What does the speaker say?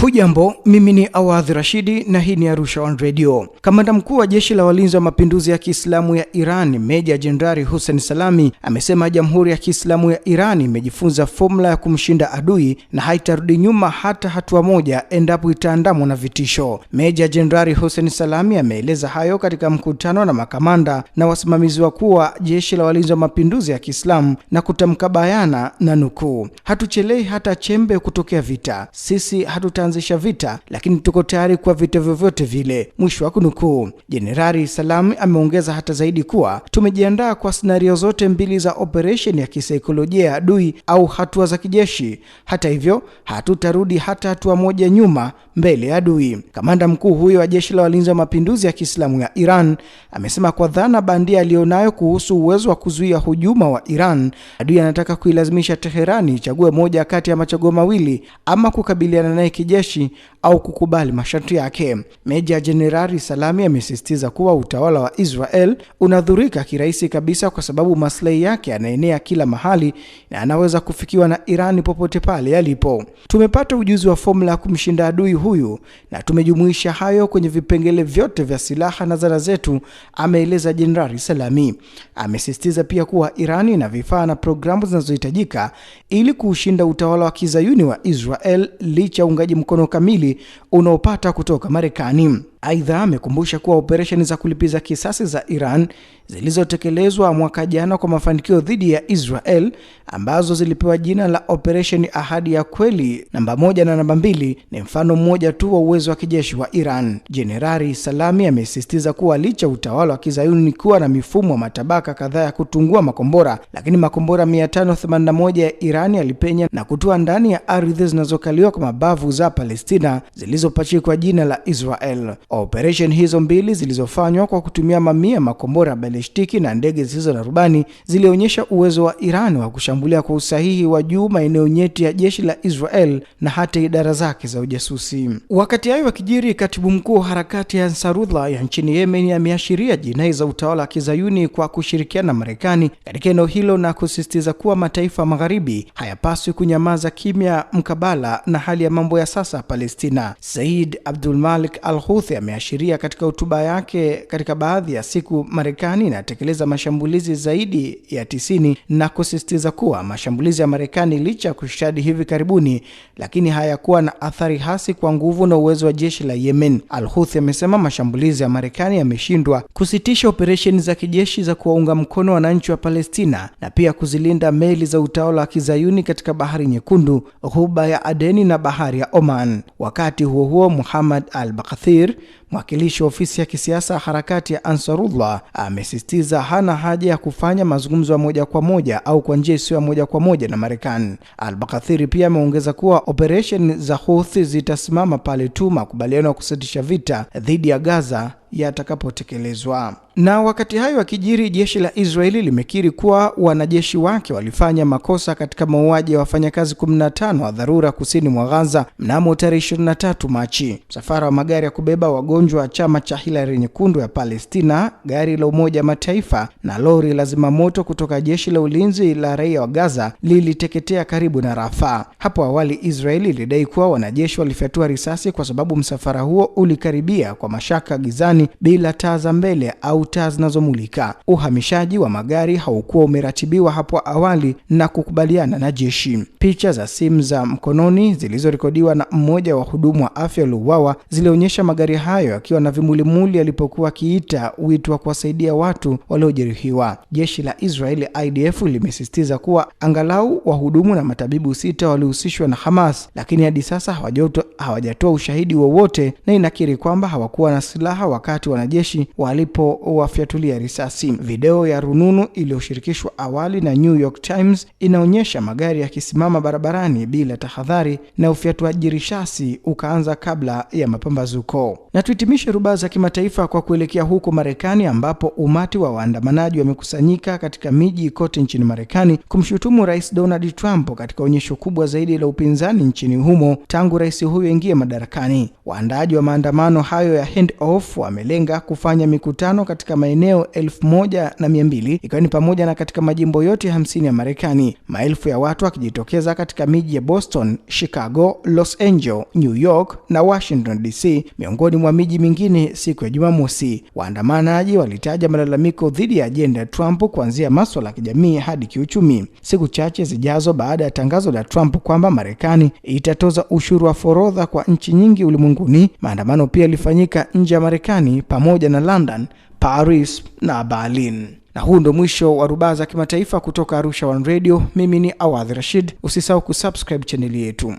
Hujambo, mimi ni Awadh Rashidi na hii ni Arusha One Radio. Kamanda mkuu wa jeshi la walinzi wa mapinduzi ya Kiislamu ya Iran Meja Jenerali Hussein Salami amesema Jamhuri ya Kiislamu ya Iran imejifunza fomula ya kumshinda adui na haitarudi nyuma hata hatua moja endapo itaandamwa na vitisho. Meja Jenerali Hussein Salami ameeleza hayo katika mkutano na makamanda na wasimamizi wakuu wa jeshi la walinzi wa mapinduzi ya Kiislamu na kutamka bayana na nukuu, hatuchelei hata chembe kutokea vita, sisi hatuta tutaanzisha vita, lakini tuko tayari kwa vita vyovyote vile, mwisho wa kunukuu. Jenerali Salami ameongeza hata zaidi kuwa tumejiandaa kwa scenario zote mbili za operesheni ya kisaikolojia ya adui au hatua za kijeshi. Hata hivyo, hatutarudi hata hatua moja nyuma mbele ya adui. Kamanda mkuu huyo wa jeshi la walinzi wa mapinduzi ya Kiislamu ya Iran amesema kwa dhana bandia aliyonayo kuhusu uwezo wa kuzuia hujuma wa Iran, adui anataka kuilazimisha Teherani ichague moja kati ya machaguo mawili, ama kukabiliana naye kijeshi kijeshi au kukubali masharti yake. Meja Jenerali Salami amesisitiza kuwa utawala wa Israel unadhurika kirahisi kabisa kwa sababu maslahi yake yanaenea kila mahali na anaweza kufikiwa na Irani popote pale yalipo. Tumepata ujuzi wa fomula ya kumshinda adui huyu na tumejumuisha hayo kwenye vipengele vyote vya silaha na zana zetu, ameeleza Jenerali Salami. Amesisitiza pia kuwa Irani ina vifaa na programu zinazohitajika ili kuushinda utawala wa kizayuni wa Israel licha ungaji mkono kamili unaopata kutoka Marekani. Aidha, amekumbusha kuwa operesheni za kulipiza kisasi za Iran zilizotekelezwa mwaka jana kwa mafanikio dhidi ya Israel ambazo zilipewa jina la operesheni Ahadi ya Kweli namba moja na namba mbili ni mfano mmoja tu wa uwezo wa kijeshi wa Iran. Jenerali Salami amesisitiza kuwa licha utawala wa kizayuni kuwa na mifumo ya matabaka kadhaa ya kutungua makombora, lakini makombora 581 ya Iran yalipenya na kutua ndani ya ardhi zinazokaliwa kwa mabavu za Palestina zilizopachikwa jina la Israel. Operesheni hizo mbili zilizofanywa kwa kutumia mamia makombora ya balistiki na ndege zisizo na rubani zilionyesha uwezo wa Iran wa kushambulia kwa usahihi wa juu maeneo nyeti ya jeshi la Israel na hata idara zake za ujasusi. Wakati hayo wakijiri, katibu mkuu wa harakati ya Ansarullah ya nchini Yemen ameashiria jinai za utawala wa kizayuni kwa kushirikiana na Marekani katika eneo hilo na kusisitiza kuwa mataifa magharibi hayapaswi kunyamaza kimya mkabala na hali ya mambo ya sasa Palestina. Said Abdulmalik Al-Houthi ameashiria katika hotuba yake, katika baadhi ya siku Marekani inatekeleza mashambulizi zaidi ya tisini na kusisitiza kuwa mashambulizi ya Marekani licha ya kushadi hivi karibuni, lakini hayakuwa na athari hasi kwa nguvu na uwezo wa jeshi la Yemen. Al-Houthi amesema mashambulizi ya Marekani yameshindwa kusitisha operesheni za kijeshi za kuwaunga mkono wananchi wa Palestina na pia kuzilinda meli za utawala wa kizayuni katika Bahari Nyekundu, Ghuba ya Adeni na Bahari ya Oman. Wakati huo huo, Muhammad al-Bakathir mwakilishi wa ofisi ya kisiasa harakati ya Ansarullah amesisitiza hana haja ya kufanya mazungumzo ya moja kwa moja au kwa njia isiyo ya moja kwa moja na Marekani. Al-Bakathiri pia ameongeza kuwa operesheni za Houthi zitasimama pale tu makubaliano ya kusitisha vita dhidi ya Gaza yatakapotekelezwa. Na wakati hayo akijiri, jeshi la Israeli limekiri kuwa wanajeshi wake walifanya makosa katika mauaji ya wafanyakazi 15 wa dharura kusini mwa Gaza mnamo tarehe 23 Machi. Msafara wa magari ya kubeba wagonjwa wa chama cha Hilali Nyekundu ya Palestina, gari la Umoja Mataifa na lori la zimamoto kutoka jeshi la ulinzi la raia wa Gaza liliteketea karibu na Rafa. Hapo awali, Israeli ilidai kuwa wanajeshi walifyatua risasi kwa sababu msafara huo ulikaribia kwa mashaka gizani bila taa za mbele au taa zinazomulika. Uhamishaji wa magari haukuwa umeratibiwa hapo awali na kukubaliana na jeshi. Picha za simu za mkononi zilizorekodiwa na mmoja wa hudumu wa afya aliuawa zilionyesha magari hayo yakiwa na vimulimuli yalipokuwa akiita wito wa kuwasaidia watu waliojeruhiwa. Jeshi la Israeli IDF limesisitiza kuwa angalau wahudumu na matabibu sita walihusishwa na Hamas, lakini hadi sasa hawajoto hawajatoa ushahidi wowote na inakiri kwamba hawakuwa na silaha wakati wanajeshi walipo kuwafyatulia risasi. Video ya rununu iliyoshirikishwa awali na New York Times inaonyesha magari yakisimama barabarani bila tahadhari na ufyatuaji risasi ukaanza kabla ya mapambazuko. Na tuhitimishe rubaa za kimataifa kwa kuelekea huko Marekani ambapo umati wa waandamanaji wamekusanyika katika miji kote nchini Marekani kumshutumu Rais Donald Trump katika onyesho kubwa zaidi la upinzani nchini humo tangu rais huyo ingie madarakani. Waandaaji wa maandamano hayo ya Off wamelenga kufanya mikutano katika katika maeneo 1200 ikiwa ni pamoja na katika majimbo yote hamsini ya Marekani. Maelfu ya watu wakijitokeza katika miji ya Boston, Chicago, Los Angeles, New York na Washington DC, miongoni mwa miji mingine siku ya Jumamosi. Waandamanaji walitaja malalamiko dhidi ya ajenda ya Trump kuanzia maswala ya kijamii hadi kiuchumi, siku chache zijazo baada ya tangazo la Trump kwamba Marekani itatoza ushuru wa forodha kwa nchi nyingi ulimwenguni. Maandamano pia yalifanyika nje ya Marekani pamoja na London Paris na Berlin. Na huu ndo mwisho wa rubaa za kimataifa kutoka Arusha One Radio. Mimi ni Awadhi Rashid, usisahau kusubscribe chaneli yetu.